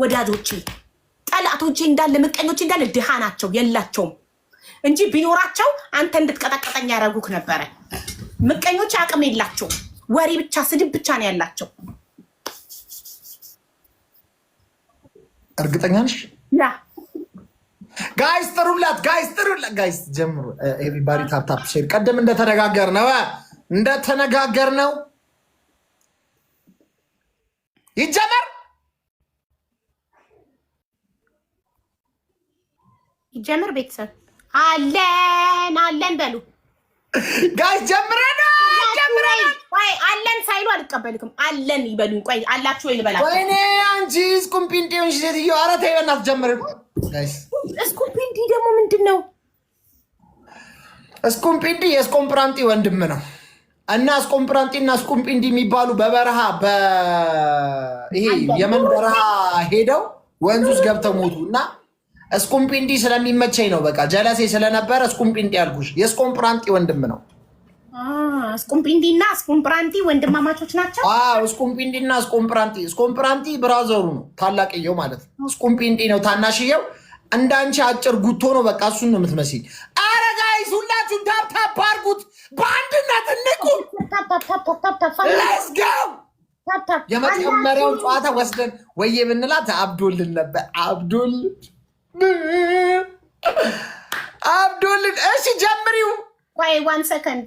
ወዳጆቼ፣ ጠላቶቼ እንዳለ ምቀኞቼ እንዳለ ድሃ ናቸው የላቸውም እንጂ ቢኖራቸው አንተ እንድትቀጠቀጠኝ ያደረጉክ ነበረ። ምቀኞች አቅም የላቸው፣ ወሬ ብቻ ስድብ ብቻ ነው ያላቸው። እርግጠኛ ነሽ? ያ ጋይስ ጥሩላት፣ ጋይስ ጥሩላት፣ ጋይስ ጀምሩ። ኤሪባሪ ታፕታፕ ሼር። ቀደም እንደተነጋገር ነው እንደተነጋገር ነው ይጀመር ይጀምር ቤተሰብ አለን አለን በሉ ጋይ ጀምረና ጀምረና አለን ሳይሉ አልቀበልክም። አለን ይበሉኝ። ቆይ አላችሁ ወይ ልበላ። ወይኔ አንቺ ስኩምፒንዲውን ሴትዮ ኧረ ተይ በእናትሽ ጀምር። ጋይስ ደግሞ ምንድን ነው? ስኩምፒንዲ የስኮምፕራንጢ ወንድም ነው እና ስኮምፕራንጢ እና ስኩምፒንዲ የሚባሉ በበረሃ በይሄ የመን በረሃ ሄደው ወንዙ ውስጥ ገብተው ሞቱ እና እስቁምጲንዲ ስለሚመቸኝ ነው። በቃ ጀለሴ ስለነበረ እስቁምጲንዲ ያልኩሽ። የእስቆምፕራንቲ ወንድም ነው። እስቁምጲንዲ እና ወንድማማቾች ናቸው። እስቁምጲንዲ እና እስቁምፕራንቲ፣ ብራዘሩ ነው፣ ታላቅየው ማለት ነው። እስቁምጲንዲ ነው ታናሽየው። እንዳንቺ አጭር ጉቶ ነው። በቃ እሱን ነው የምትመስይኝ። ኧረ ጋይስ ሁላችሁም ታፕታፕ አድርጉት፣ በአንድነት እንቁ። ለስጋው የመጀመሪያውን ጨዋታ ወስደን ወይ የምንላት አብዶልን ነበር አብዶልን አብዱልን እሺ ጀምሪው ወይ ዋን ሰከንድ